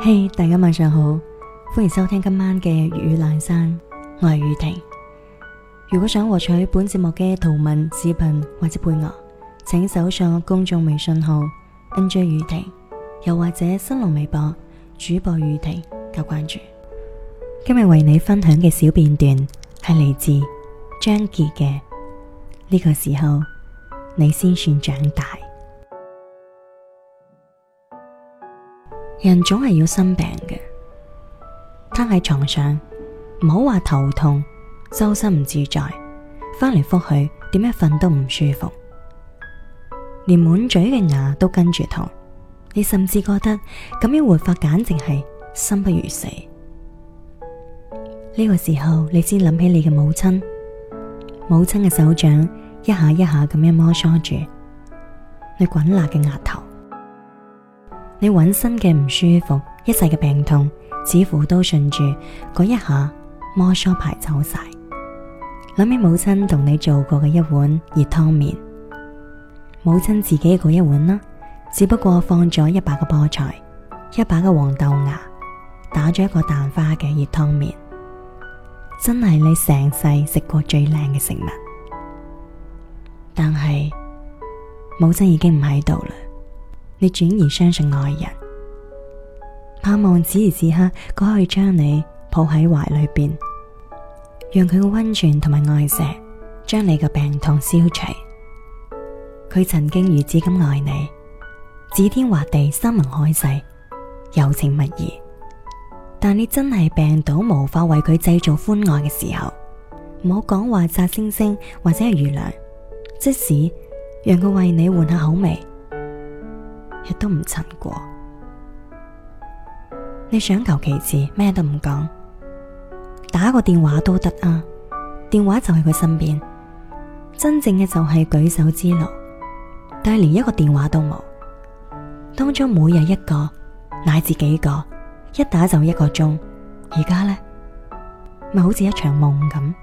嘿，hey，大家晚上好，歡迎收聽今晚嘅粵語闌珊，我係雨婷。如果想獲取本節目嘅圖文視頻或者配樂，請搜索公眾微信號 n j 雨婷，又或者新浪微博主播雨婷加關注。今日為你分享嘅小片段係嚟自張潔嘅呢個時候，你先算長大。人總係要生病嘅，攤喺床上，唔好話頭痛，周身唔自在，翻嚟覆去，點樣瞓都唔舒服，連滿嘴嘅牙都跟住痛。你甚至覺得咁樣活法簡直係生不如死。呢個時候，你先諗起你嘅母親，母親嘅手掌一下一下咁樣摩挲住你滾辣嘅額頭。你渾身嘅唔舒服，一世嘅病痛，似乎都順住嗰一下摩挲排走晒。諗起母親同你做過嘅一碗熱湯麵，母親自己嗰一碗啦，只不過放咗一把嘅菠菜，一把嘅黃豆芽，打咗一個蛋花嘅熱湯麵，真係你成世食過最靚嘅食物。但係母親已經唔喺度啦。你轉而相信愛人，盼望此時此刻佢可以將你抱喺懷裏邊，讓佢嘅溫存同埋愛錫將你嘅病痛消除。佢曾經如此咁愛你，指天畫地、山盟海誓、柔情蜜意。但你真係病倒，無法為佢製造歡愛嘅時候，唔好講話摘星星或者係月亮，即使讓佢為你換下口味。亦都唔曾過，你想求其次咩都唔講，打個電話都得啊！電話就喺佢身邊，真正嘅就係舉手之勞，但係連一個電話都冇，當初每日一個乃至幾個，一打就一個鐘，而家呢咪好似一場夢咁，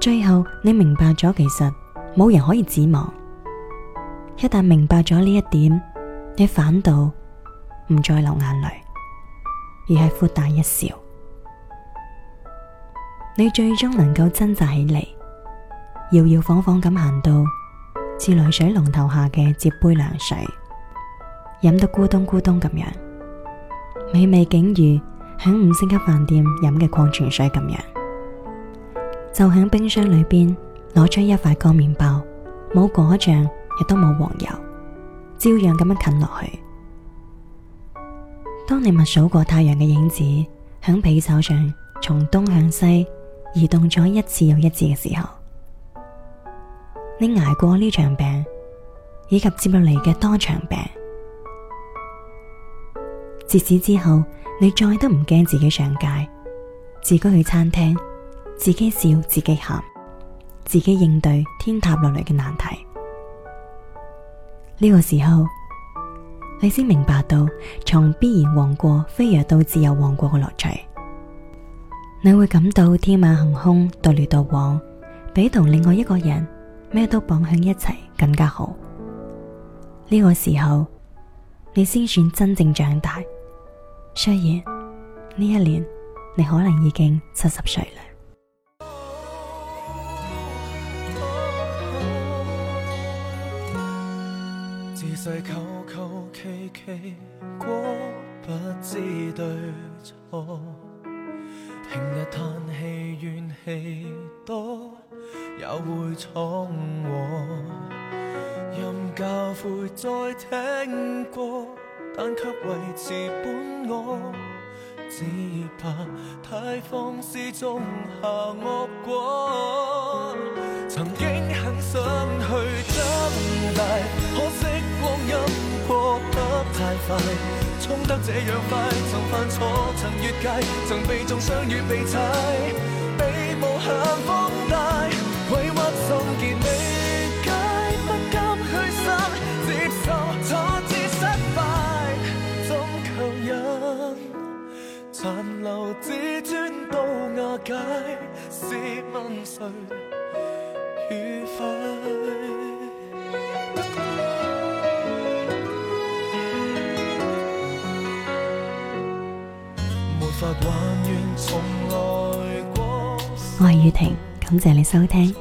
最後你明白咗，其實冇人可以指望。一旦明白咗呢一點，你反倒唔再流眼淚，而係豁達一笑。你最終能夠掙扎起嚟，搖搖晃晃咁行到自來水龍頭下嘅接杯涼水，飲得咕咚咕咚咁樣，美味竟如響五星級飯店飲嘅礦泉水咁樣，就響冰箱裏邊攞出一塊乾麵包，冇果醬。亦都冇黃油，照樣咁樣近落去。當你默數過太陽嘅影子響被罩上，從東向西移動咗一次又一次嘅時候，你挨過呢場病，以及接落嚟嘅多場病。自此之後，你再都唔驚自己上街，自己去餐廳，自己笑，自己喊，自己應對天塌落嚟嘅難題。呢個時候，你先明白到從必然王國飛躍到自由王國嘅樂趣，你會感到天馬行空，獨來獨往，比同另外一個人咩都綁喺一齊更加好。呢、這個時候，你先算真正長大。雖然呢一年，你可能已經七十歲啦。世求求其其果不知對錯，平日嘆氣怨氣多，也會闖禍。任教誨再聽過，但卻維持本我，只怕太放肆種下惡果。曾經很想去長大。快衝得這樣快，曾犯錯，曾越界，曾被中傷，與被踩，被無限荒。我係雨婷，感謝你收聽。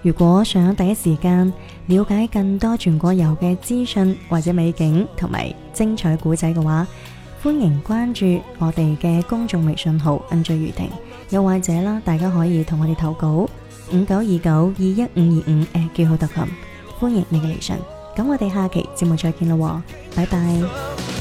如果想第一時間了解更多全國遊嘅資訊或者美景同埋精彩古仔嘅話，歡迎關注我哋嘅公眾微信號 n j 雨婷，又或者啦，大家可以同我哋投稿五九二九二一五二五誒，叫好特琴，歡迎你嘅留信。咁我哋下期節目再見啦，拜拜。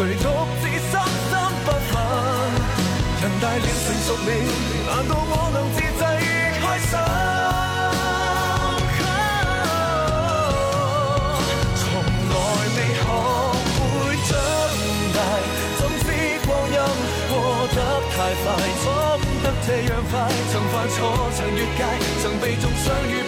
誰獨自心生不忿？人大了成熟了，難道我能自制越開心？從來未學會長大，怎知光陰過得太快，走得這樣快。曾犯錯，曾越界，曾被中傷與。